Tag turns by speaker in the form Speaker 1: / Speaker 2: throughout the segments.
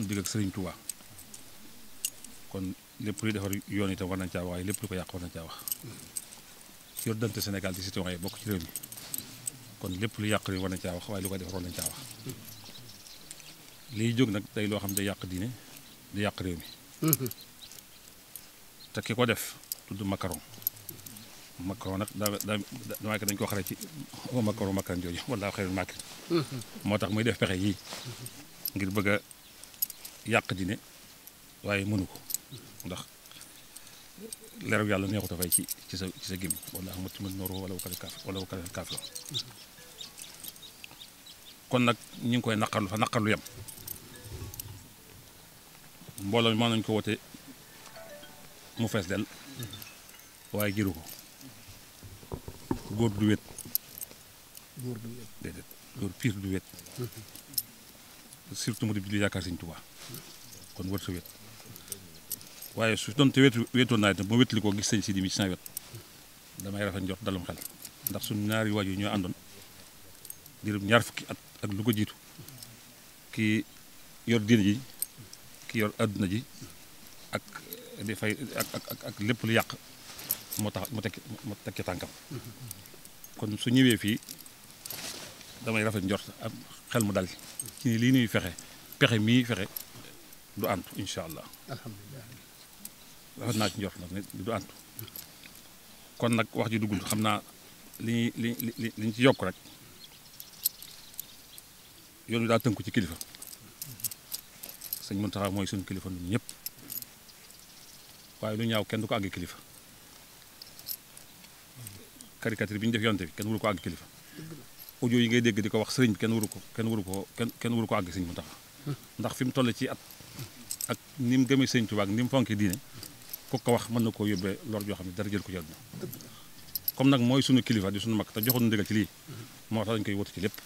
Speaker 1: suñu digg ak Serigne kon lépp luy defar yoon itam war nañ caa wax lépp lu ko yàq war nañ caa wax yor dante Sénégal di citoyen bokk ci réew mi kon lépp lu yàq réew war nañ caa wax waaye lu koy defar war nañ caa wax liy jóg nag day loo xam day yàq diine di yàq réew mi mm-hmm. te ki ko def tudd macaron macaron nag daa daa dañ ko xare ci macaron macaron jooju wala xëy na moo tax muy def pexe yii mm-hmm. ngir yàq dine waaye mënu ko ndax
Speaker 2: leeru yàlla neexut
Speaker 1: a fay ci ci sa ci sa gémmi ma ci mën nooru wala wakale kaaf wala wakale kaaf la kon nag ñu ngi koy naqarlu fa naqarlu yem mbooloo mi mën ko wote mu fes del waaye jiru ko góor du wét góor du wét déedéet góor piir du wét surtout mu di julli yaakaar Sëñ Tuubaa kon war sa wet waaye su doon te wetu naa itam ma wetli koo gis sëñ si di mi ci wet damay rafet njort dalum xel ndax suñu naari waajur ñoo àndoon diirum ñaar fukki at ak lu jiitu kii yor diine ji ki yor adduna ji ak di fay ak lépp lu yàq moo tax mu tekki mu tekki tànkam kon su ñëwee fii damay rafet njort ak xel mu dal ci ni lii nuy fexe pexe mii fexe du antu incha allah alhamdulilah rafet naa ci njort nag kon nag wax ji duggul xam naa li li li li ñu ci yokk rek yoon wi daa tënku ci kilifa sëñ Muntaxa mooy suñu kilifa ñun ñëpp waaye lu ñaaw kenn du ko àgg kilifa caricature bi ñu def yonte bi kenn wul kilifa audio yi ngay dégg di ko wax sëriñ bi kenn waru ko kenn waru ko kenn kenn waru ko àgg sëriñ mu tax ndax fi mu toll ci at ak ni mu gëmee sëriñ Tuubaa ak ni mu fonkee diine ku ko wax mën na koo yóbbee lor joo xam ne dara jël ko ci
Speaker 2: àdduna
Speaker 1: nag mooy sunu kilifa di sunu mag te joxoon ndigal ci lii moo tax koy wutu ci lépp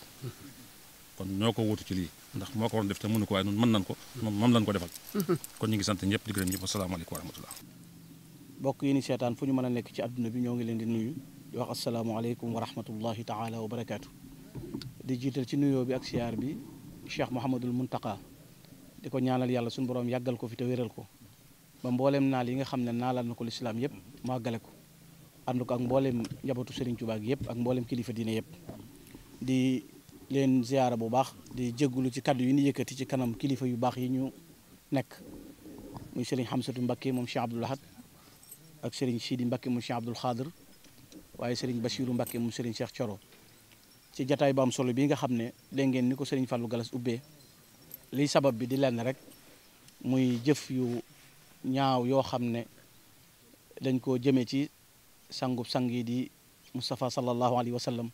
Speaker 1: kon ñoo ko wutu ci lii ndax moo ko waroon def te mënu ko waaye nun mën nañ ko moom lañ ko defal kon ñu ngi sant ñëpp di gërëm ñëpp asalaamaaleykum wa rahmatullah
Speaker 3: bokk yi ni seetaan fu ñu mën a nekk ci àdduna bi ñoo ngi leen di nuyu di wax asalaamaaleykum wa rahmatullahi taala wa barakaatu di jiital ci nuyoo bi ak siyaar bi Cheikh Mouhamadul Muntaka di ko ñaanal yàlla suñu borom yàggal ko fi te wéral ko ba mbooleem naal yi nga xam ne naalal na ko lislaam yëpp mu àggale ko ànd ko ak mbooleem njabootu sëriñ Touba gi yëpp ak mbooleem kilifa diine yëpp di leen ziyaara bu baax di jéggulu ci kàddu yi ñu yëkkati ci kanam kilifa yu baax yi ñu nekk muy Serigne Hamsatu Mbakke moom Cheikh Abdoul Ahad ak Serigne Sidi Mbakke moom Cheikh Xaadir waaye Serigne Bachiru Mbakke moom Serigne Cheikh Thioro ci jataay bu solo bii nga xam ne dégg ngeen ni ko Serigne Fallou Galas ubbee liy sabab bi di lenn rek muy jëf yu ñaaw yoo xam ne dañ koo jëmee ci sangub sang yi di Moustapha sallallahu alayhi wa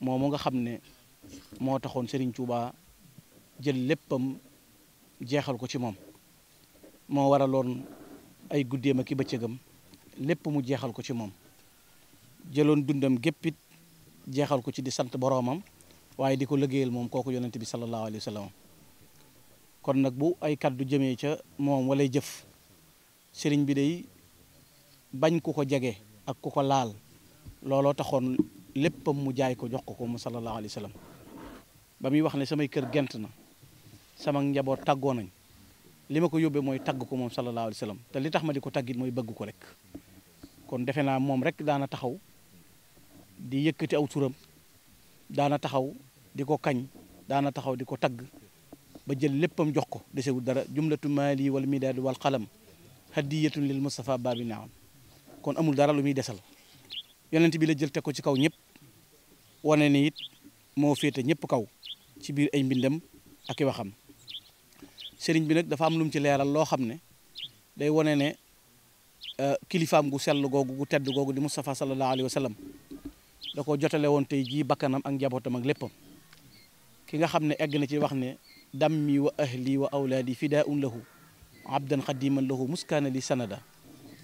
Speaker 3: moomu nga xam ne moo taxoon Serigne Touba jël léppam jeexal ko ci moom moo waraloon ay guddeem ak i bëccëgam lépp mu jeexal ko ci moom jëloon dundam géppit jeexal ko ci di sant boroomam waaye di ko liggéeyal moom kooku yonent bi sallallahu alayhi wa kon nag bu ay kaddu jëmee ca moom walay jëf sëriñ bi day bañ ku ko jege ak ku ko laal looloo taxoon léppam mu jaay ko jox ko ko mu sallallahu alayhi wa ba muy wax ne samay kër gent na sama njaboot tàggoo nañ li ma ko yóbbee mooy tàgg ko moom sallallahu alayhi wa te li tax ma di ko taggit mooy bëgg ko rek kon defe naa moom rek daana taxaw di yëkkati aw turam daana taxaw di ko kañ daana taxaw di ko tagg ba jël léppam jox ko desewul dara jumlatu maali wal midaad wal qalam hadiyatun lil Mustafa baabi naam kon amul dara lu muy desal yonent bi la jël teg ko ci kaw ñëpp wane ni it moo féete ñëpp kaw ci biir ay mbindam ak i waxam sëriñ bi nag dafa am lu mu ci leeral loo xam ne day wane ne euh, kilifaam gu sell googu gu tedd googu di Mustafa sallallahu alayhi wa da ko jotale woon tey jii bakkanam ak njabootam ak léppam ki nga xam ne egg na ci wax ne dammi wa ahli wa awlaadi fidaun lahu abdan xadiman lahu muskaana li sanada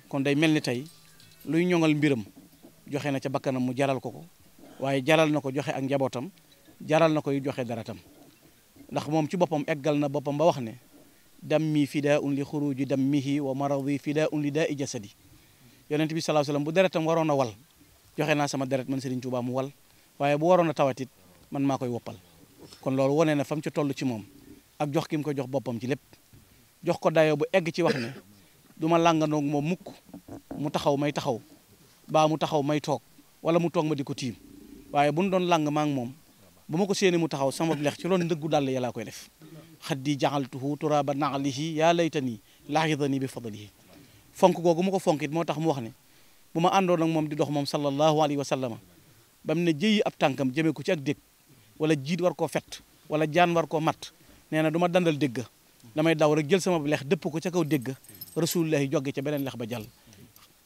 Speaker 3: kon day mel ni tey luy ñoŋal mbiram joxe na ca bakkanam mu jaral ko ko waaye jaral na ko joxe ak njabootam jaral na koy joxe dara tam ndax moom ci boppam eggal na boppam ba wax ne dammi fidaun li xuruji dammihi wa maradi fidaun li daa i jasadi yonent bi salaa sallam bu daratam waroon a wal joxe naa sama deret man Serigne Touba mu wal waaye bu waroon a tawatit man maa koy woppal kon loolu wonee na fam ci toll ci moom ak jox ki mu ko jox boppam ci lépp jox ko dayoo bu egg ci wax ne du ma làngandoo moom mukk mu taxaw may taxaw baa mu taxaw may toog wala mu toog ma di ko tiim waaye bu nu doon làng maa ngi moom bu ma ko séenee mu taxaw sama lex ci loolu ndëggu dàll yàllaa koy def xaddi jaxaltuhu turaaba naalihi yaa laytani laxidani bi fadlihi fonk googu ma ko fonkit moo tax mu wax ne bu ma àndoon ak moom di dox moom sallallahu alayhi wa sallama ba mu ne jëyi ab tànkam jëmee ko ci ak dég wala jiit war koo fet wala jaan war koo mat nee na du ma dandal dégg damay daw rek jël sama lex dëpp ko ca kaw dégg rasulullahi jogge ca beneen lex ba jàll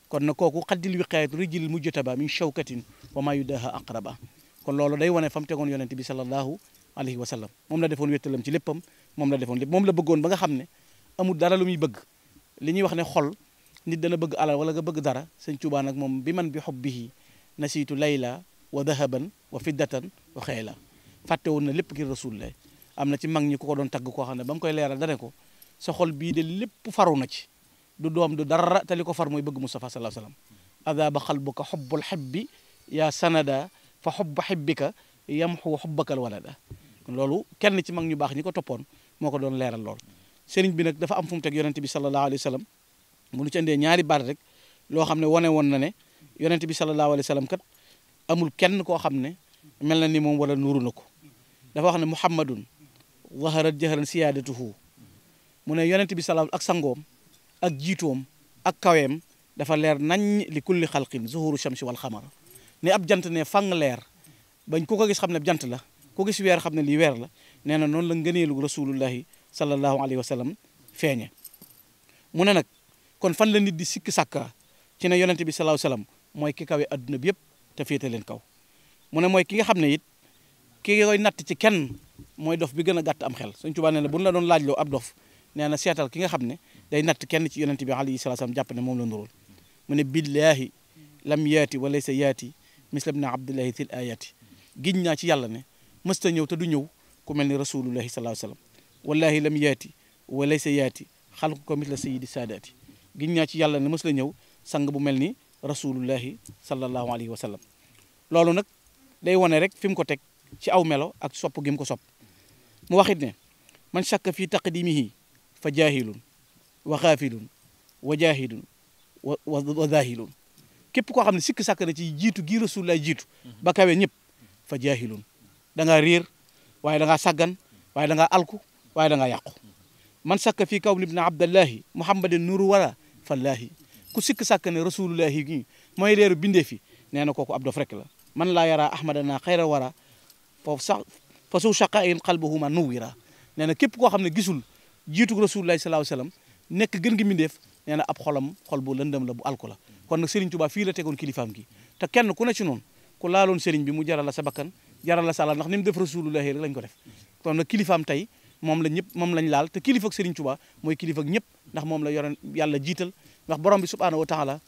Speaker 3: kon na kooku xaddil wiqaayatu rijil mujjataba min shawkatin wa ma yudaha aqraba kon loolu day wane fa tegoon yonente bi sallallahu alayhi wa moom la defoon wettalam ci léppam moom la defoon lépp moom la ba nga xam ne amul dara nit dana bëgg alal wala nga bëgg dara sëñ Tuubaa nag moom bi man bi xob bihi nasiitu layla wa dahaban wa fiddatan wa xeyla fàtte woon na lépp ngir rasul la am na ci mag ñi ku ko doon tagg koo xam ne ba mu koy leeral dane ko sa xol bii de lépp faru na ci du doom du dara te ko far mooy bëgg Mustafa sallallahu alayhi wa sallam adaaba xalbuka xobbul xibbi yaa sanada fa xobba xibbika yamxu xobbakal walada loolu kenn ci mag ñu baax ñi ko toppoon moo ko doon leeral lool sëriñ bi nag dafa am fu mu bi sallallahu alayhi wa mu nu ci ñaari baat rek loo xam ne wane woon na ne yonent bi sallallahu alayhi wa sallam kat amul kenn koo xam ne mel na ni moom wala nuuru na ko dafa wax ne muhammadun zaharat jaharan siyaadatuhu mu ne yonent bi sallallahu ak sangoom ak jiitoom ak kaweem dafa leer nañ li kulli xalqin zuhuru shamsi wal xamar ne ab jant ne fang leer bañ ku ko gis xam ne jant la ku gis weer xam ne lii weer la nee na noonu la ngëneelu rasulullahi sallallahu alayhi wa sallam feeñe mu ne nag kon fan la nit di sikki sàkka ci ne yonente bi salaahu salaam mooy ki kawe adduna bi yëpp te féete leen kaw mu ne mooy ki nga xam ne it ki koy natt ci kenn mooy dof bi gën a gàtt am xel Sëñ Tuubaa nee na bu ñu la doon laajloo ab dof nee na seetal ki nga xam ne day natt kenn ci yonente bi alayhi salaatu salaam jàpp ne moom la nuróol mu ne billaahi lam yaati walaysa yaati misla ibn abdullahi til ayati giñ naa ci yàlla ne mësta ñëw te du ñëw ku mel ni rasulullahi salaahu salaam wallahi lam yaati walaysa yaati xalqu ko misla sayidi saadaati giñ naa ci yàlla ne mës la ñëw sang bu mel ni rasulullahi sallallahu alayhi wa sallam loolu nag day wane rek fi mu ko teg ci aw melo ak sopp gi mu ko sopp mu waxit ne man shakka fi taqdimihi fa jaahilun wa xaafilun wa jaahilun wa wa zaahilun képp koo xam ne sikk sàkk gi rasulullah jiitu ba kawee ñëpp fa jaahilun da ngaa réer waaye da ngaa sàggan waaye da alku waaye da yàqu man shakka fii kaw ibn abdallahi muhammadin nuru wala fallaahi ku sikk sàkk ne rasulullahi gi mooy leeru bindee fi nee na kooku ab dof rek la man laa yara ahmadana xayra wara foofu sax fa su shaqa in qalbuhuma nuwira nee na képp koo xam ne gisul jiitu rasulullahi salaahu nekk gën gi mbindeef nee na ab xolam xol bu lëndëm la bu alku la kon nag Serigne Touba fii la tegoon kilifaam gi te kenn ku ne ci noonu ku laaloon Serigne bi mu jaral la sa bakkan jaral la sa alal ndax ni mu def rasulullahi rek lañ ko kon nag kilifaam moom la ñëpp moom lañ laal te kilifa ak Serigne Touba mooy kilifa ak ñëpp ndax moom la yoroon yàlla jiital ndax borom bi subhaanahu wa taala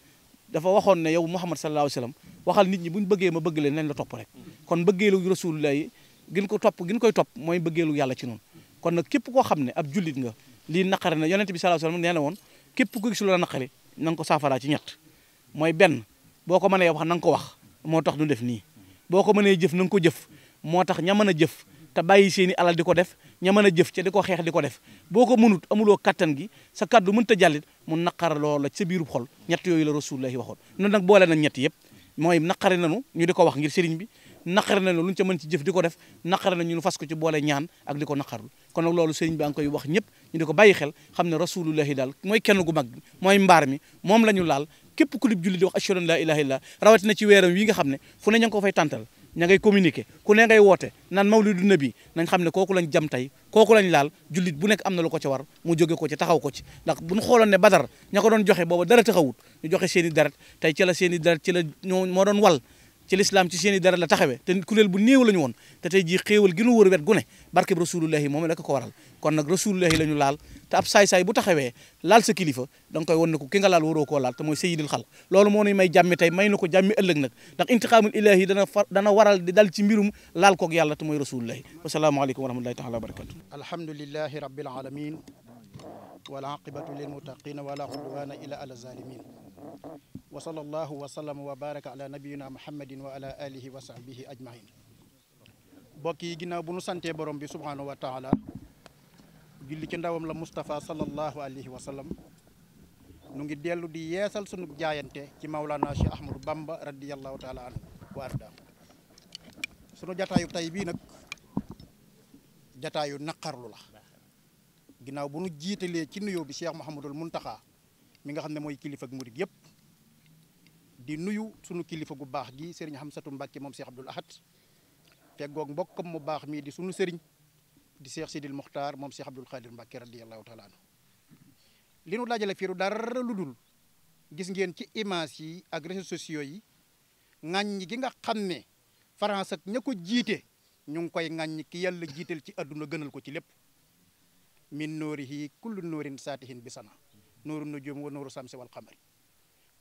Speaker 3: dafa waxoon ne yow Muhammad sallallahu alayhi wasallam waxal nit ñi buñ bëggee ma bëgg leen nañ la topp rek kon bëggeelu rasulullah yi gën ko topp gën koy topp mooy bëggeelu yàlla ci noonu kon nag képp koo xam ne ab jullit nga lii naqare na yonent bi sallallahu alayhi wasallam nee na woon képp ku gis lu la naqari na ko saafaraa ci ñett mooy benn boo ko mënee wax na nga ko wax moo tax du def nii boo ko mënee jëf na nga ko moo tax ña mën a jëf te bàyyi seeni alal di ko def ña a jëf ca di ko xeex di ko def boo ko mënut amuloo kattan gi sa kaddu mënut a jàllit mu naqar loola ci sa biirub xol ñett yooyu la rasulullahi waxoon noonu nag boole nañ ñett yëpp mooy naqare nañu ñu di ko wax ngir sëriñ bi naqare nañu luñ ca mën ci jëf di ko def naqare nañu ñu fas ko ci boole ñaan ak di ko naqarul loolu sëriñ bi a koy wax ñëpp ñu di ko bàyyi xel xam ne rasulullahi daal mooy kenn gu mag mooy mbaar mi moom la ñu laal képp ku lib julli di wax ashhadu an la ilaha illallah rawatina ci weeram wi nga xam ne fu ne ña ngi ko fay tàntal ña ngay communiqué ku ne ngay woote naan mawlidu nabi nañ xam ne kooku lañ jam tey kooku lañ laal jullit bu nekk am na lu ko ca war mu jóge ko ci taxaw ko ci ndax bu nu xooloon ne badar ña ko doon joxe booba dara taxawut ñu joxe seeni i deret tey ci la seen i ci la ñoo moo doon wal ci lislaam ci seen i dara la taxawee te kuréel bu néew la woon te tey jii xéewal gi nu wet gu ne barkeb rasulullahi moom la ko ko waral kon nag rasulullahi la ñu laal te ab saay-saay bu taxawee laal sa kilifa da nga koy won ne ko ki nga laal waroo ko laal te mooy sayyidil xalq loolu moo nuy may jàmmi tey may na ko jàmmi ëllëg nag ndax intiqaamul ilahi dana far dana waral di dal ci mbirum laal koog yàlla te mooy rasulullahi wasalaamaaleykum wa rahmatullahi taala wa barakatu
Speaker 4: alhamdulilahi rabbil alamin wal aqibatu lil muttaqin wala udwana illa ala zalimin wa sallallahu wa sallam wa baraka ala nabiyina muhammadin yi ginnaaw bu nu santee borom bi subhanahu wa taala julli ci ndawam la Moustapha ngi dellu di yeesal sunu jaayante ci Maulana Cheikh Ahmadou Bamba radiyallahu jataayu tey bii nag jataayu naqarlu la ginnaaw bu nu jiitalee ci nuyoo bi Cheikh Mouhamadul Muntaxa mi nga xam ne mooy kilifa ak murid yëpp di nuyu sunu kilifa gu baax gi sëriñ satu Mbàkke moom Cheikh Abdoul Ahad feggoog mbokkam mu baax mii di sunu sëriñ di Cheikh Sidil Mokhtar moom seex Abdoul Khadir Mbàkke radiyallahu taala anhu li nu dajale fiiru dara lu dul gis ngeen ci image yi ak réseaux sociaux yi ŋàññ gi nga xam ne France ak jiite ñu ngi koy ŋàññ ki yàlla jiital ci àdduna gënal ko ci lépp min noorihi kullu noorin saatihin bi sana nooru nujum wa nooru samsi wal xamari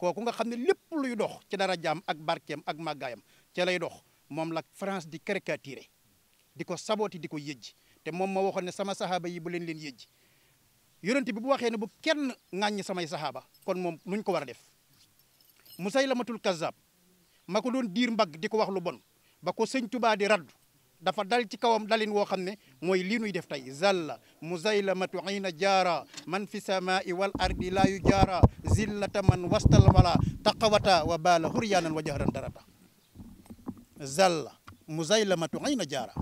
Speaker 4: kooku nga xam ne lépp luy dox ci dara jaam ak barkeem ak màggaayam ca lay dox moom la France di caricaturé di ko sabooti di ko yéj te moom moo waxoon ne sama saxaaba yi bu leen leen yëjji yonent bi bu waxee ne bu kenn ŋàññi samay saxaaba kon moom nuñ ko war a def Musaylamatul Kazzab ma ko doon diir mbagg di ko wax lu bon ba ko sëñ Tubaa di raddu dafa dal ci kawam dalin woo xam ne mooy lii nuy def tey zalla muzaylamatu na jaara man fi samaai wal ardi laa yu jaara zillata man wastal wala taqawata wa baala huryaanan wa jahran darata zalla muzaylamatu ayna jaara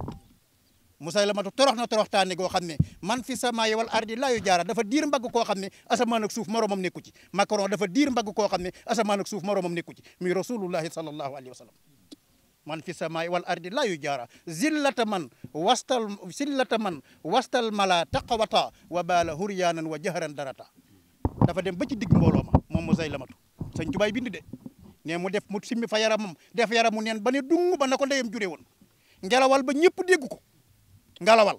Speaker 4: musaylamatu torox na toroxtaane goo xam ne man fi samaai wal ardi laa yu jaara dafa diir mbagg koo xam ne asamaan ak suuf moroomam nekku ci Macron dafa diir mbagg koo xam ne asamaan ak suuf moroomam nekku ci muy rasulullahi sallallahu alayhi wa man fi samaay wal ardi la yu jaara zillata man wastal zillata man wastal mala taqawata wa baala huryaanan wa jahran darata dafa dem ba ci digg mbooloo ma moom mu say lamatu sëñ tubaay bind de ne mu def mu simmi fa yaramam def yaramu neen ba ne dung ba na ko ndeyam jure woon ngelawal ba ñëpp dégg ko ngelawal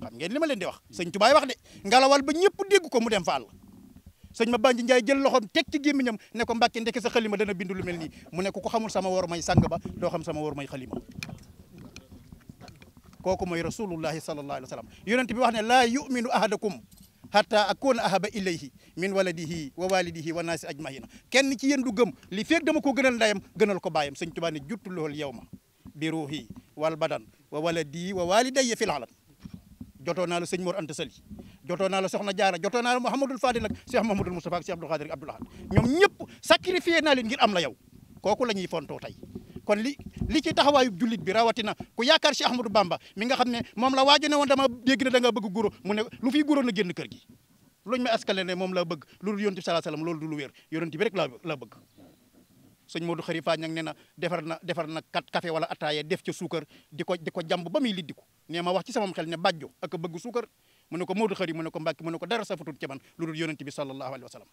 Speaker 4: xam ngeen li ma leen di wax sëñ tubaay wax de ngelawal ba ñëpp dégg ko mu dem fa àll sëñ ma bànji njaay jël loxoom teg ci gémmiñam ne ko mbàkke ndeke sa xalima dana bind lu mel nii mu ne ko ko xamul sama war may sang ba doo xam sama war may xalima kooku mooy rasulullahi sallallahu alayhi wa sallam yonent bi wax ne laa yuminu ahadakum hatta akuna ahaba ilayhi min waladihi wa walidihi wa naasi ajmaina kenn ci yéen du gëm li feeg dama ko gënal ndayam gënal ko baayam sañ tubaa ne juttu lool yow ma bi ruuhi wal badan wa waladi wa jotoo naa la sëñ Mor Anta Sali jotoo naa la Soxna Jaara jotoo naa la Mouhamadul Fadil nag Cheikh Mouhamadul Moustapha ak Cheikh Abdoul Khadir ak am la yow kooku la ñuy fontoo tey kon li li ci taxawaayu jullit bi rawatina ku yaakaar Cheikh Ahmadou Bamba mi nga xam ne moom la waajo ne woon dama dégg ne nga bëgg guro mu ne lu fiy guro na génn kër gi luñ may askale ne moom la bëgg loolu yonent bi sallallahu loolu du lu wér yonent bi rek laa bëgg sëñ Modou Xarifa ñang nee na defar na defar na kat café wala ataaya def ca suukar di ko di ko jàmb ba muy liddiku nee ma wax ci samam xel ne bajjo ak bëgg suukar mu ne ko Modou Xari mu ne ko Mbàkke mu ne ko dara safatut ci man lu dul yonent bi sallallahu alayhi wa sallam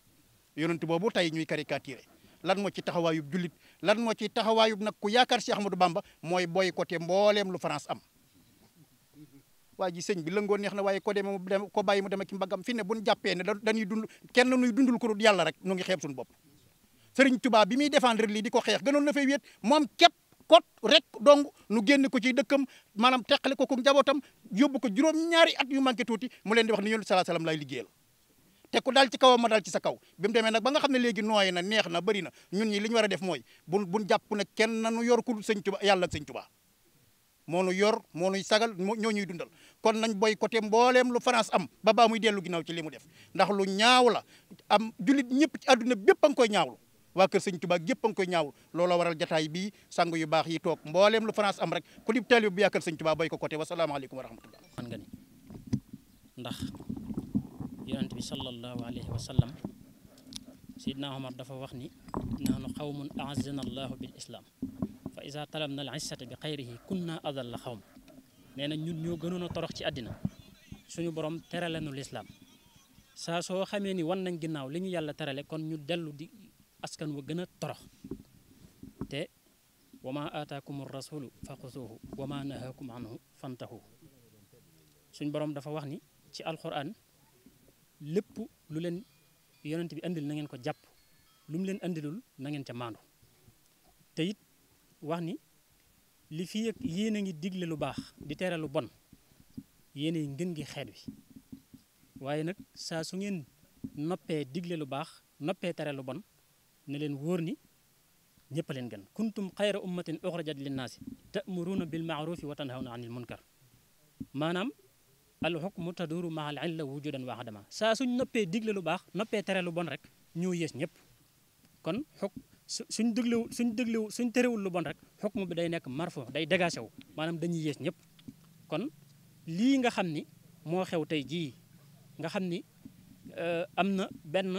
Speaker 4: yonent boobu tey ñuy caricaturé lan moo ci taxawaayub jullit lan moo ci taxawaayub nag ku yaakaar si Ahmadou Bamba mooy boycotté mbooleem lu France am waa ji sëñ bi lëngoo neex na waaye ko demee mu dem ko bàyyi mu dem ak fi ne buñ jàppee ne dañuy dund kenn nuy dundul ko dul yàlla rek nu ngi xeeb suñu bopp Serigne Touba bi muy défendre lii di ko xeex gënoon na fay wéet moom képp kot rek dong nu génn ko ci dëkkam maanaam teqale ko ku njabootam yóbbu ko juróom-ñaari at yu manqué tuuti mu leen di wax ni yonent salaa salaam lay liggéeyal te ku dal ci kawam ci sa kaw bi mu demee nag ba nga xam ne léegi nooy na neex na bëri na ñun ñi li ñu a def mooy bu buñ jàpp ne kenn nanu yor ku sëñ Tuba yàlla ak sëñ Tuba moo nu yor moo nuy sagal ñoo ñuy dundal kon nañ boycotté mbooleem lu France am ba baa muy dellu ginnaaw ci li mu def ndax lu ñaaw la am julit ñëpp ci àdduna bépp a nga koy ñaawlu waa kër sëñ Tuubaa gépp a ngi koy ñaaw looloo waral jataay bii sang yu baax yi toog mbooleem lu France am rek ku dib taalib bu yaakaar sëñ Tuubaa boy ko côté wasalaamaaleykum wa rahmatullah
Speaker 5: man nga ni ndax yonent bi sallallahu alayhi wa sallam sidna Omar dafa wax ni nahnu qawmun a'azzana allahu bil islam fa isa talamna al issata bi xayrihi kunna adalla xawm nee na ñun ñoo gënoon a torox ci àddina suñu borom terale nu lislaam saa soo xamee ni wan nañ ginnaaw li ñu yàlla terale kon ñu dellu di askan wa gën a toro te wa ma aataakum rasulu fa xusuuhu wa ma nahaakum anhu suñ borom dafa wax ni ci alxuraan lépp lu leen yonent bi andil na ngeen ko jàpp lu mu leen indilul na ngeen ca maandu te it wax ni li fi yëg yéen a ngi digle lu baax di tere lu bon yéen a ngën gi xeet wi waaye nag saa su ngeen noppee digle lu baax noppee tere lu bon ne leen wóor ni ñëpp a leen gën kuntum xayra ummatin uxrajat linnaasi ta'muruuna bil maarufi wa tanhawna anil munkar maanaam al xukmu taduuru wa adama saa suñ noppee digle lu baax noppee tere lu bon rek ñoo yées ñëpp kon xuk suñ diglewu suñ diglewu suñ terewul lu bon rek xukmu day nekk marfo day dégagé wu maanaam dañuy yées ñëpp kon lii nga xam ni moo xew tey jii nga ni euh, am na benn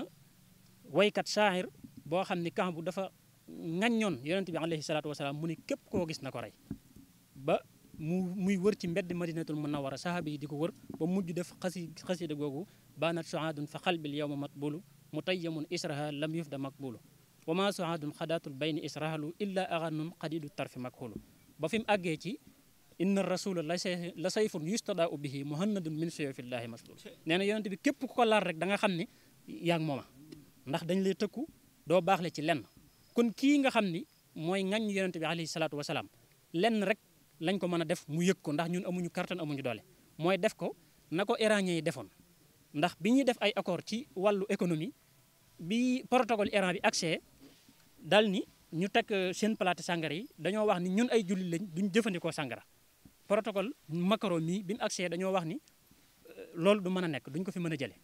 Speaker 5: waykat saahir boo xam ni Kaab dafa ŋaññoon yonent bi alayhi salaatu wasalaam mu ni képp ko gis na ko rey ba mu muy wër ci mbedd madinatul munawara sahaaba yi di ko wër ba mujj def xasi xasida googu baanat sohaadun fa xalbil yowma matbulu mu tayyamun israha lam yufda makbulu wa ma sohaadun xadaatul bayni israhalu illa aganun xadidu tarfi makhulu ba fi mu àggee ci inna rasula la la sayfun yustadaa u bihi muhannadun min suyufillaahi maslul nee na yonent bi képp ku ko laal rek da nga xam ne yaa ngi mooma ndax dañ lay tëkku doo baax le ci lenn kon kii nga xam ni mooy ŋañ yonente bi alayhi salaatu wasalaam lenn rek lañ ko mën a def mu yëg ko ndax ñun amuñu kattan amuñu doole mooy def ko na ko iranien yi defoon ndax bi ñuy def ay accord ci wàllu économie bi protocole Iran bi accès dal ni ñu teg euh, seen plate sàngara yi dañoo wax ni ñun ay jullit lañ duñ jëfandikoo sàngara protocole Macron mii bi mu accès dañoo wax ni euh, loolu du mën a nekk duñ ko fi mën a jëlee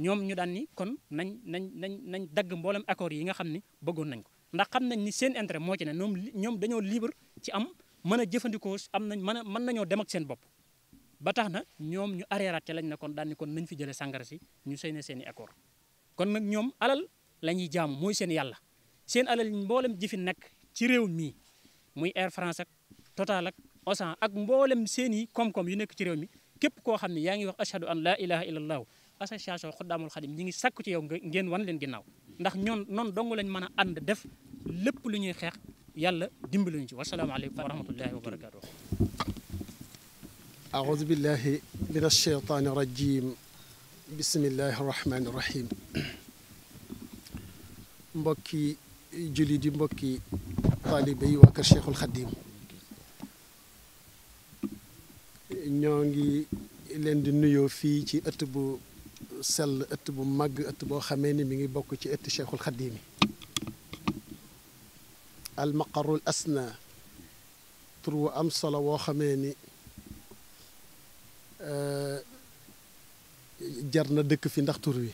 Speaker 5: ñoom ñu daan ni kon nañ nañ nañ nañ dagg mboolem accords yi nga xam ne bëggoon nañ ko ndax xam nañ ni seen intérêt moo ci ne ñoom ñoom dañoo libre ci am mën a jëfandikoo am nañ mën a mën nañoo dem ak seen bopp ba tax na ñoom ñu areeraat ca lañ ne kon daan ni kon nañ fi jëlee sàngara si ñu sëy ne seen i kon nag ñoom alal lañuy ñuy jaamu mooy seen yàlla seen alal mboolem ji fi nekk ci réew mii muy Air France ak Total ak Auchan ak mboolem seen i koom-koom yu nekk ci réew mi képp koo xam ne yaa ngi wax ashhadu an laa ilaha illallah association Xuddaamul Xadim ñi ngi sàkku ci yow ngeen wan leen ginnaaw ndax ñoo noonu dong lañ mën a def lépp lu ñuy xeex yàlla dimbali ñu ci wasalaamaaleykum wa rahmatullahi wa barakaatu
Speaker 6: aoudu billahi min ñoo ngi leen di nuyoo fii ci ëtt bu sell ëtt bu màgg ëtt boo xamee ni mi ngi bokk ci ëtt cheikhul xadimi al maqarul asna tur wu am solo woo xamee ni eh, jar na dëkk fi ndax tur wi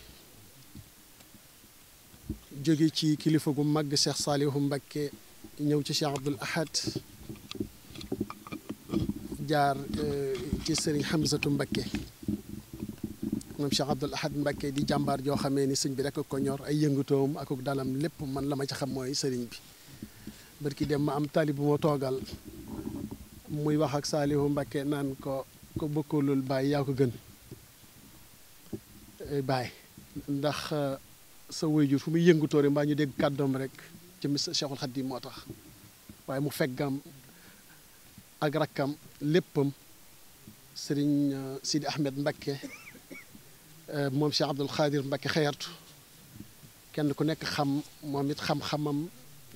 Speaker 6: jóge ci kilifa gu màgg cheikh saalihu mbakke ñëw ci cheikh abdul ahad jaar eh, ci sëriñ xamsatu mbakke moom Cheikh Abdoul Ahad Mbacké di jàmbaar joo xamee ni sëñ bi rek ko ñor ay yëngatoom ak dalam lépp man la ma ci xam mooy sëriñ bi barki dem ma am tali bu ma toogal muy wax ak Saalihu Mbacké naan ko ko bëkkalul bàyyi yaa ko gën eh, bàyyi ndax eh, sa waajur fu muy yëngutoori mbaa ñu dégg kàddoom rek ci mis moo tax waaye mu feggam ak rakkam léppam sëriñ eh, Sidi Ahmed Mbacké Euh, moom Cheikh Abdoul Khadir Mbacke xayartu kenn ku nekk xam moom it xam-xamam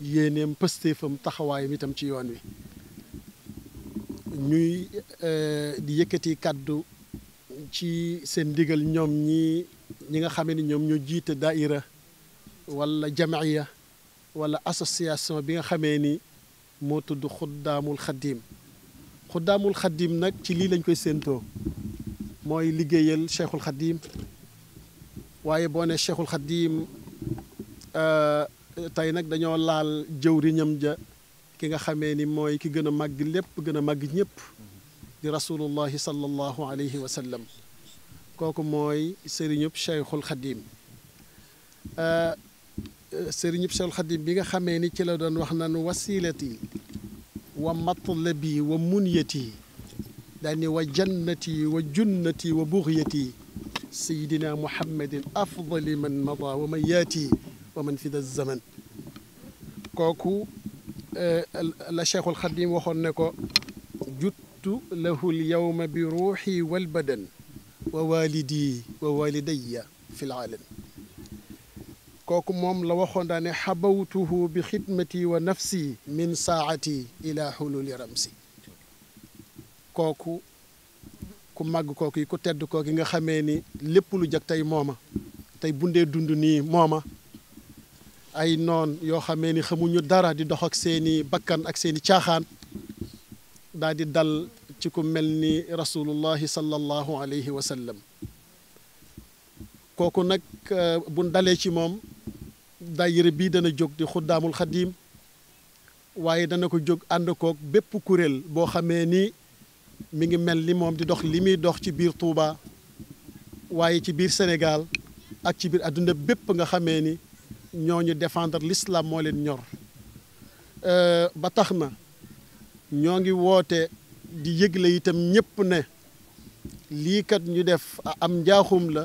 Speaker 6: yéeneem pëstéefam taxawaayam itam ci yoon wi ñuy euh, di yëkkati kàddu ci seen ndigal ñoom ñi ñi nga xamee ni ñoom ñoo jiite daaira wala jamaaya wala association bi nga xamee ni moo tudd xuddaamul xaddiim xuddaamul xaddiim nag ci lii lañ koy séentoo mooy liggéeyal cheikhul xaddiim waaye boo ne cheikhul xadim euh, tey nag dañoo laal jëw jëwriñam ja ki nga xamee ni mooy ki gën a màgg lépp gën a màgg ñëpp di rasulullahi sallallahu alayhi wa sallam kooku mooy sëriñub cheikhul xadim euh, sëriñub cheikhul xadim bi nga xamee ni ci la doon wax naan wasilati wa matlabi wa munyati daani wa jannati wa junnati wa buxyati sayidina muhammadin afdali man mada wa man yaati wa man fida zaman kooku eh, la cheikhul xadim waxoon ne ko juttu lahu lyawma bi ruuxi walbadan wa walidi wa walidaya fi laalam kooku moom la waxoon daa ne xabawtuhu bi xidmati wa nafsi min saacati ila xululi ramsi kooku ku màgg kooku yi ku tedd kooku nga xamee ni lépp lu jag tey mooma tey bundee dund nii mooma ay noon yoo xamee ni xamuñu dara di dox ak seeni bakkan ak seeni caaxaan daal dal ci ku mel ni rasulullahi sallallahu alayhi kooku nag eh, bu dalee ci moom daayira bii dana jóg di xuddaamul xadiim waaye dana ko jóg ànd koog bépp kuréel boo xamee ni mi ngi mel ni moom di dox li muy dox ci biir Touba waaye ci biir senegal ak ci biir àdduna bépp nga xamee ni ñooñu défendre l'islam moo leen ñor euh, ba tax na ñoo ngi woote di yëgle itam ñëpp ne lii kat ñu def am njaaxum la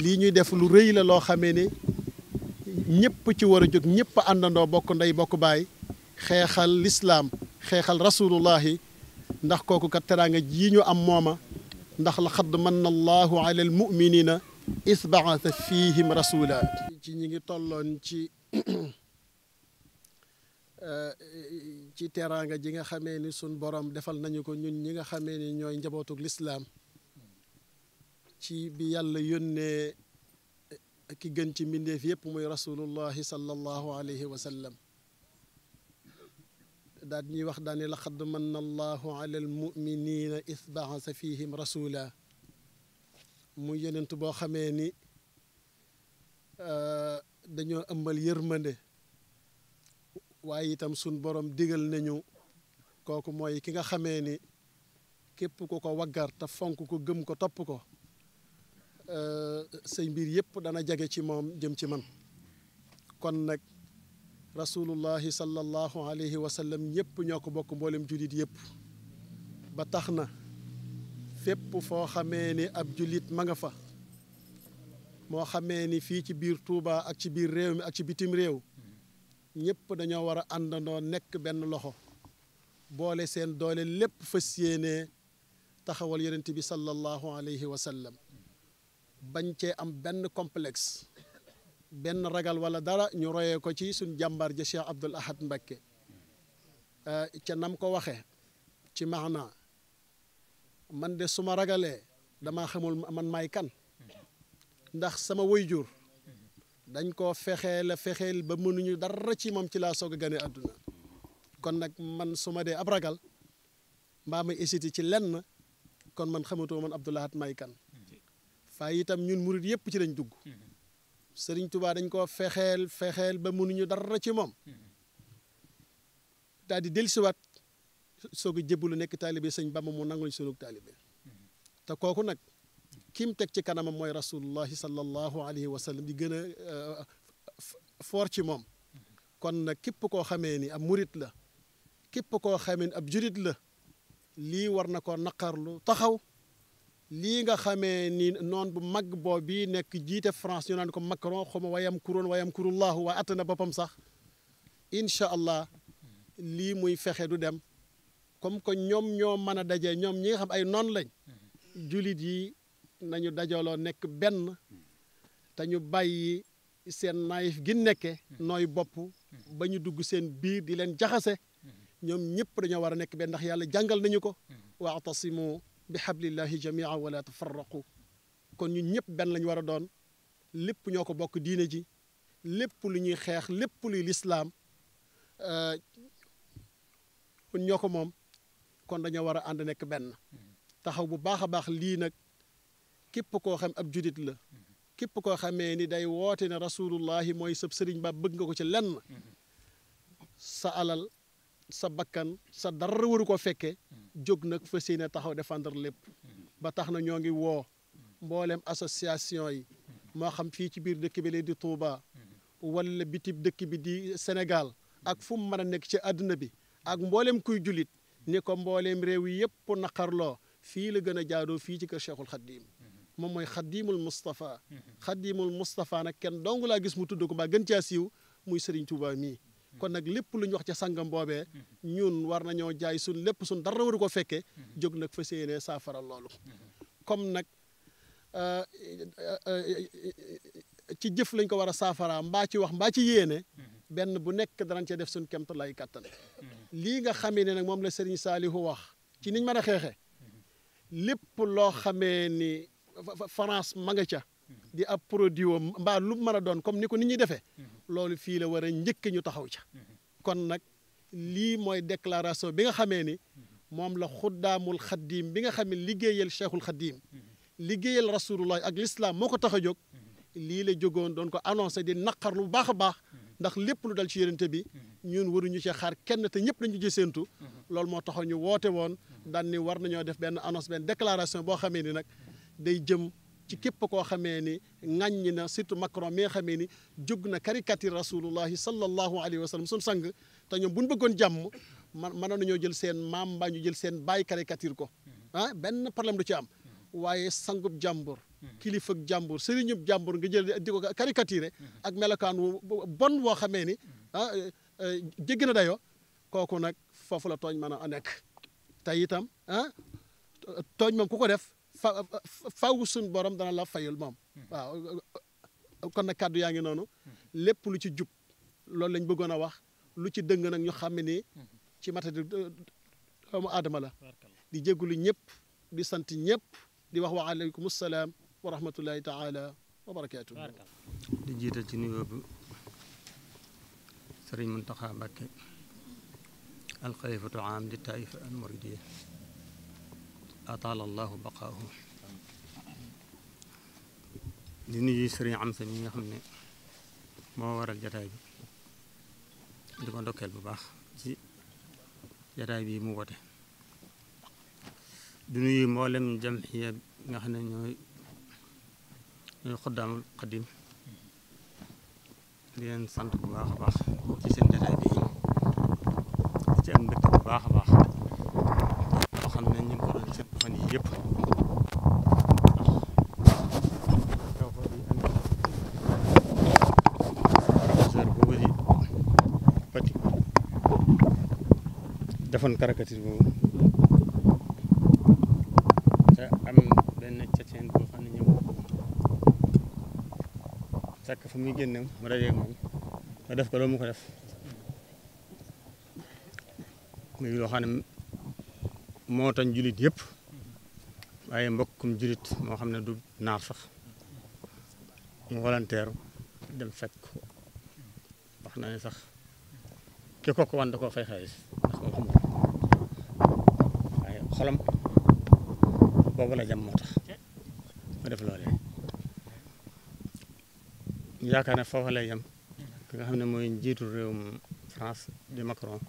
Speaker 6: lii ñuy def lu rëy la loo xame ni ñëpp ci war a jóg ñépp àndandoo bokk ndey bokk baay xeexal lislaam xeexal rasulullahi ndax kooku kat teraanga jii ñu am mooma ndax la xadd manna allahu ala al muminina isbaata fihim rasula ci ñi ngi tolloon ci euh, ci teraanga ji nga xamee ni suñ borom defal nañu ko ñun ñi nga xamee ni ñooy njabootuk lislaam ci bi yàlla yónnee ki gën ci mbindeef yépp muy rasulullahi sallallahu alayhi wa sallam daal ñuy wax daane laqad manna allahu ala almuminina is baasa fihim rasula muy yenent boo xamee ni euh, dañoo ëmbal yërmande waaye itam sun borom digal nañu kooku mooy ki nga xamee ni képp ku ko waggar te fonk ko gëm ko topp ko euh, say mbir yëpp dana jage ci moom jëm ci man kon nag rasulullahi sallallahu alayhi wa sallam ñëpp ñoo ko bokk mboolem jullit yépp ba tax na fépp foo xamee ni ab jullit ma nga fa moo xamee ni fii ci biir Touba ak ci biir réew mi ak ci bitim réew ñépp dañoo war a àndandoo nekk benn loxo boole seen doole lépp fas yéenee taxawal yonent bi sallallahu alayhi wa bañ cee am benn complex benn ragal wala dara ñu royee ko ci suñ jàmbaar ja Cheikh Abdoul Ahad Mbacké euh, ca nam ko waxee ci maana man de su ma ragalee damaa xamul man may kan ndax sama jur dañ koo fexee la fexeel ba mënuñu dara ci moom ci laa soog a gane àdduna kon nag man su ma dee ab ragal mbaa may hésité ci lenn kon man xamatoo man Abdoul Ahad may kan faa itam ñun murit yëpp ci lañ dugg sëriñ tubaa dañ koo fexeel fexeel ba mënuñu dara ci moom hmm. daal di dellusiwaat soog a jébbalu nekk taalibe sëñ Bamba mu nangul sunu taalibe hmm. te kooku nag kim teg ci kanamam mooy rasulullahi sallallahu alayhi wa sallam di gën a uh, foor ci moom hmm. kon nag képp koo xamee ni ab murit la képp koo xamee ni ab jurit la lii war na koo naqarlu taxaw lii nga xamee ni noon bu mag boo bii nekk jiite France ñu naan ko Macron xuma wayam kuroon wayam kurullahu waa attana boppam sax incha allah lii muy fexe du dem comme que ñoom ñoo mën a dajee ñoom ñi nga xam ay noon lañ julit yi nañu dajaloo nekk benn te ñu bàyyi seen naayif gi nekke nooy bopp ba ñu dugg seen biir di leen jaxase ñoom ñëpp dañoo war a nekk benn ndax yàlla jàngal nañu ko wa atasimu bi xablillahi jamia wala tafarraqu kon ñun ñëpp benn lañu war a doon lépp ñoo ko bokk diine ji lépp lu ñuy xeex lépp luy lislaam kon euh, ñoo ko moom kon dañoo war a ànd nekk benn taxaw bu baax a baax lii nag képp koo xam ab judit la képp koo xamee ni day woote ne rasulullahi mooy sëb sëriñ ba bëgg nga ko ci lenn sa alal sa bakkan sa dara waru ko fekkee hmm. jóg nag fas yéene taxaw défendre lépp hmm. ba tax na ñoo ngi woo hmm. mboolem association yi moo xam fii ci biir dëkk bi lay di Touba wala biti dëkk bi di Sénégal ak fu mu mën a nekk ci àdduna bi ak mboolem kuy jullit ni ko mbooleem réew yëpp naqarloo fii la gën a jaadoo fii ci kër Cheikhul Khadim moom mooy Khadimul Moustapha Khadimul Moustapha nag kenn dong laa gis mu tudd ko mbaa gën caa siiw muy Serigne Touba mii kon nag lépp lu ñu wax ca sangam boobee mm-hmm. ñun war nañoo jaay suñ lépp suñ dara waru ko fekkee mm-hmm. jóg nag fa yéene saafara loolu mm-hmm. comme nag euh, euh, euh, ci jëf lañ ko war a saafara mbaa ci wax mbaa ci yéene benn bu nekk danañ cee def suñ kemt lay kattan lii nga xamee ne nag moom la Serigne Saliou wax ci niñ mën a xeexee lépp loo xamee ni France ma ca di ab produit wam mbaa lu mën a doon comme ni ko nit ñuy defee mm-hmm. loolu fii la war a njëkk ñu taxaw ca mm-hmm. kon nag lii mooy déclaration bi nga xamee ni mm-hmm. moom la xuddaamul xaddiim bi nga xam ne liggéeyal cheikhul xaddiim liggéeyal rasulullah ak lislaam moo ko tax a jóg lii la jógoon doon ko annoncé di naqar lu baax a baax ndax lépp lu dal ci yonente bi ñun waruñu ci xaar kenn te ñëpp dañu ci séentu loolu moo taxoon ñu woote woon daan ni war nañoo def benn annonce benn boo xamee ni nag day jëm ci képp koo xamee ni ŋàññi na surtout Macron mi nga xamee ni jóg na caricature rasulullahi sallallahu alayhi wa sallam suñu sang te ñoom bu ñu bëggoon jàmm man mënoon nañoo jël seen maam mbaa ñu jël seen bàyyi caricature ko hmm. ah benn problème du ci am hmm. waaye sangub jàmbur hmm. kilifa jàmbur sëriñub jàmbur nga jël di ko caricature ak melokaan bon woo xamee ni ah eh, eh, na dayo kooku nag foofu la tooñ mën a nekk te itam ah tooñ moom ku ko def fa fawu suñ borom dana la fayul moom waaw kon nag kàddu yaa ngi noonu lépp lu ci jub loolu lañ bëggoon a wax lu ci dëng nag ñu xam ni nii ci matadi doomu adama la di jégalu ñépp di sant ñëpp di wax wa aleykum salaam wa taala wa
Speaker 7: di jiital ci nu bi sëriñ Muntaxa Mbàkke alxalifatu am di taifa al muridiyya ataala allahu baqaahu di yi sëriñ Amsa mi nga xam ne moo waral jataay bi di ko ndokkeel bu baax ci jataay bi mu wote di nuyu mboolem jamxiya nga xam ne ñooy ñooy xoddaamul xadim di sant bu baax a baax ci seen jataay bi ci am bu baax baax boo xam ne ñu fan yii yëpp defoon caricature boobu am benn caceen boo xam ne ñëw sàkk fu muy génne dajee moom ma def ko loolu ko def muy loo xam moo tax jullit yëpp waaye mbokkum julit moo xam ne du naar sax mu volontaire dem fekk wax na ne sax ki ko ko wan da koo fay waaye xolam boobu la jam moo tax ma def loolee yaakaar ne foofa lay yem ki nga xam ne mooy njiitu réewum France di Macron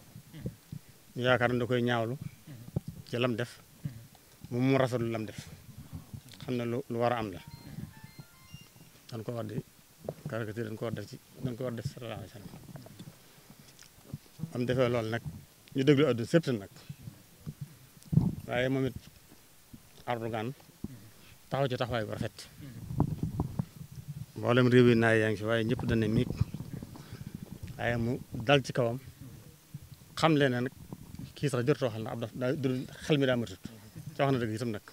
Speaker 7: ñu yaakaar ne koy ñaawlu ci def moom mu rafetlu lam def xam ne lu lu war a am la dañ ko war di caricature dañ ko war def ci dañ ko war def sallallahu alayhi wa loolu nag ñu déglu àdduna nag waaye moom it Erdogan taxaw ci taxawaay bu rafet mboolem réew yi naa yaa ngi si waaye ñëpp dañ ne miig waaye mu dal ci kawam xam leen ne nag kii sax jot waxal na ab daf daa xel mi daa matut te wax na dëgg itam nag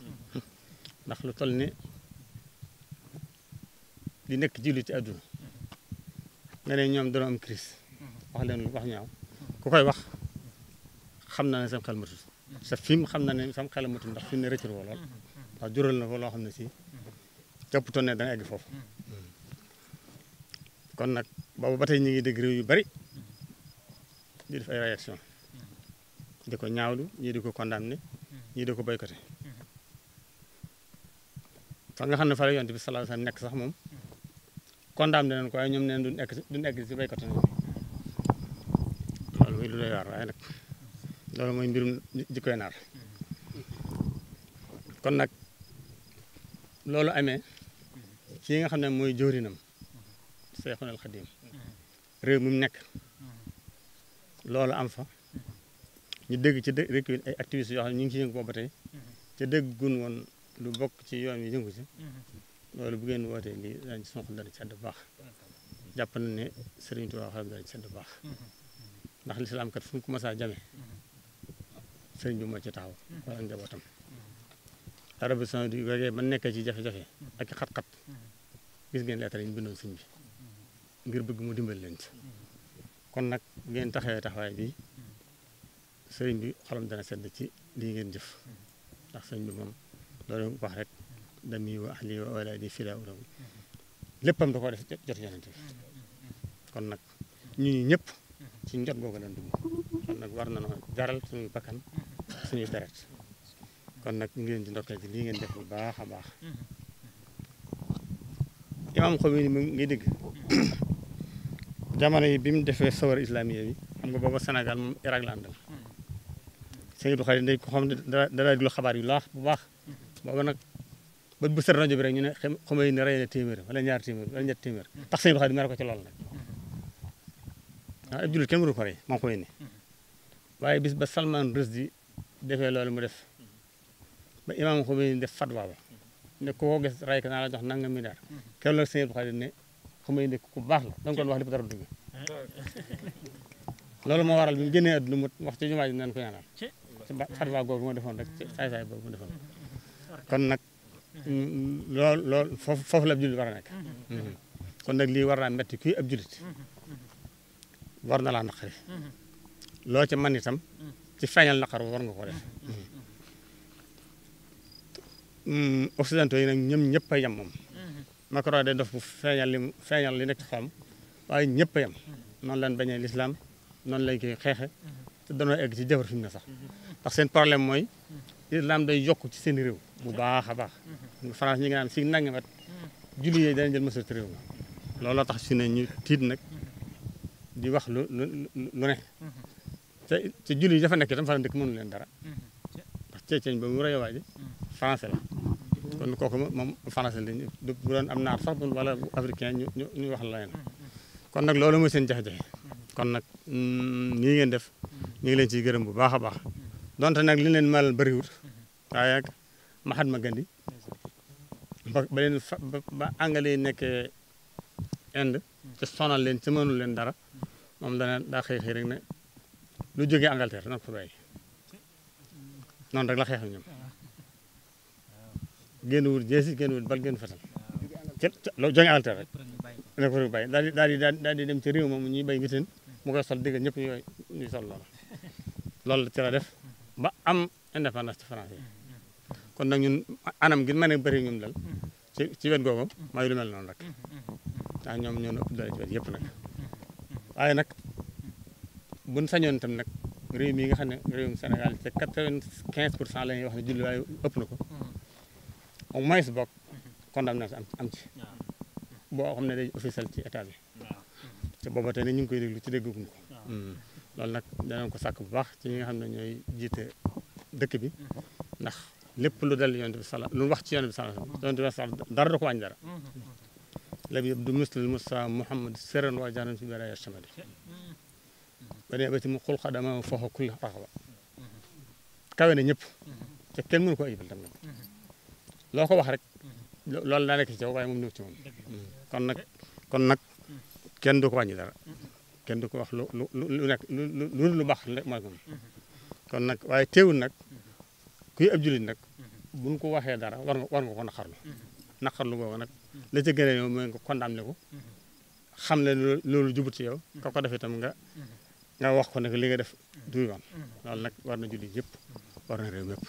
Speaker 7: ndax lu toll ni di nekk jullit ci àdduna nga ne ñoom dana am crise wax leen lu wax ñaaw ko koy wax xam naa ne sam xel matul sa fim xam naa ne sam xel matul ndax fi mu ne rëccul ko lool waaw jural na ko loo xam ne si jàpputoon ne da egg foofu kon nag boobu ba tey ñu ngi dégg yu bari di def ay réaction di ko ñaawlu ñii di ko condamné ñii da ko boycotté fa nga xam ne fa la yonent bi sallallahu nekk sax moom condamné nañ ko waaye ñoom neen duñ ekk duñ egg si boycotté nañ loolu lu doy waar waaye nag loolu mooy mbirum jikkoy naar kon nag loolu amee ci nga xam ne mooy jóorinam Seexul Xadiim réew mi mu nekk loolu am fa ñu dégg ci dëkk bi ay activistes yoo xam ne ñu ngi ci yëngu boobu ba tey dégg déggun woon lu bokk ci yoon yi yëngu si loolu bu ngeen wootee lii daañu ci sonq dara ci sedd baax jàpp nañ ne Serigne Touba xalam dara ci sedd baax ndax lislaam kat fu ko masaa jame Serigne bi moo ci taxaw wala njabootam Arabie Saoudite wegee ba ci jafe-jafe ak xat-xat gis ngeen lettre ñu bindoon sëñ bi ngir bëgg mu dimbal leen ci kon nag ngeen taxawee taxawaay bi sëriñ bi xolam dana sedd ci lii ngeen jëf ndax sëriñ bi moom loolu wax rek dami wa ahli wa awlaadi fila ulawi léppam da koo def jot yonent bi kon nag ñu ñëpp ci njot googu lañ dugg kon nag war na noo jaral suñuy bakkan suñuy deret kon nag ñu ngi leen di ndokkee ci lii ngeen def bu baax a baax imaam xob yi mu ngi dégg jamono yi bi mu defee sawar islamiya bi xam nga booba Sénégal moom Irak la sëñ Abdou Khadir day ko xam ne dara dul bu baax booba nag bu set rajo bi rek ne xamay ne rey na téeméer wala ñaar téeméer wala ñett téeméer mm-hmm. tax sëñ Abdou Khadir mer ko ci loolu nag waaw ah, ab jullit mm-hmm. ba mu def mm-hmm. ba imaam Khomeini def fatwa ba ne koo gis ko naa la jox nangam mi daar kenn baax la da nga ko wax loolu moo waral bi mu génnee adduna mu wax jumaa ji naan ko ñaanal xarba googu ma defoon rek saay saay boobu ma defoon mm-hmm. kon nag mm-hmm, lool lool foofu la ab jullit war a nekk mm-hmm. kon nag lii war naa metti kuy ab war na laa naqari loo ci man itam ci feeñal naqar war nga ko def occidentaux yi nag ñoom ñëpp a yem moom Macron day dof feeñal li nekk ci xoom waaye ñëpp a yem noonu lañ lislaam noonu lañ koy xeexe te danoo egg ci jafar fi mu sax ndax seen problème mooy islam day yokk ci seen réew bu baax a baax mhm. France ñi nga naan si nangamat mhm. julli yooyu danañ jël mesure ci réew mi looloo tax su ne ñu tiit nag mhm. di wax lu lu lu dafa nekk itam fa dëkk mënu leen dara ndax ceeceñ ba mu rëy waaji moom français la du bu doon am naar sax wala africain ñu ñu wax la leen kon nag loolu mooy seen jafe-jafe kon nag mm, nii ngeen def ñu ngi leen ciy gërëm bu baax a baax donte nag li leen malal bëriwut waaye ak Mahatma Gandhi ba ba leen fa ba anglais sonal leen ci manul leen dara moom dana daa xëy rek ne lu jógee Angleterre nag ko bàyyi noonu rek la xeexal ñoom génn wut jeesi génn wut bal génn fetal ci loo jógee Angleterre rek ne ko rek daal daal dem ci réew moom ñuy bay witeen mu koy sol digg ñëpp ñuy sol loola loolu ci la def ba am indépendance ci français kon nag ñun anam gi ma a bëri ñun dal ci ci wet googu mooy lu mel noonu rek ndax ñoom ñoo ëpp doole ci wet yëpp nag waaye nag buñ sañoon tam nag réew mi nga xam ne réewum Sénégal te quatre-vingt-quinze pour cent la ñuy wax ne julli waaye ëpp na ko au moins bokk condamnation am am ci boo xam ne day officiel ci état bi te booba tey koy déglu ci dégguñ ko loolu nag danañ ko sàkk bu baax ci ñi nga xam ne ñooy jiite dëkk bi ndax lépp lu del yonent bi sala lu wax ci yonent bi sala yonent bi sala dara du ko wàññi dara la bi yëpp du muslil musa muhammad seren waa jaanan fi bera yastamadi bane ba ci mu xul xadama foofa kulli raxaba kawe na ñëpp te kenn mënu ko ayibal tam nag loo ko wax rek loolu daa nekk ci yow waaye moom ñëw ci moom kon nag kon nag kenn du ko wàññi dara kenn du ko wax lu lu lu nekk lu lu baax rek mooy kon nag waaye teewul nag kuy ab jullit nag buñ ko waxee dara war nga war nga ko naqarlu naqarlu googu nag la ca gën a yow mooy nga condamné ko xam ne loolu jubut ci yow ka ko def itam nga nga wax ko nag li nga def du yoon loolu nag war na jullit yëpp war na réew yëpp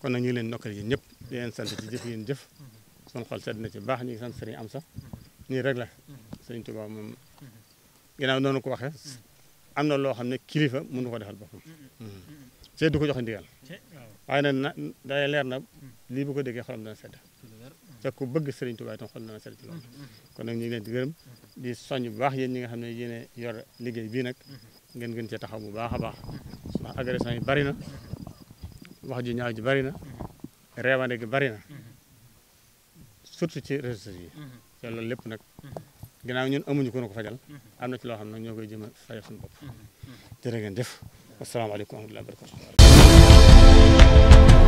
Speaker 7: kon nag ñu ngi leen nokkal yéen ñëpp di leen sant ci jëf yéen jëf sun xol sedd na ci baax ñu ngi sant am sax nii rek la sëriñ Tuubaa ginnaaw noonu ko waxee am na loo xam ne kilifa mënu ko defal boppam seet du ko joxe ndigal waaye nag na day leer na lii bu ko déggee xolam dana sedd te ko bëgg sëriñ Tuubaa itam xol dana sedd ci loolu kon nag ñu ngi leen di gërëm bu baax yéen ñi nga xam ne yéen yor liggéey bii nag ngeen gën cee taxaw bu baax a baax ndax agression yi bari na wax ju ñaaw ji bari na reewande gi bari na surtout ci réseaux yi te loolu lépp nag ginnaaw ñun amuñu ko nu ko fajal mhm. am na loo xam ne ñoo koy jëm a fajal suñu bopp mhm. jërë ngeen jëf wasalaamaaleykum wa rahmatulah wa barakatu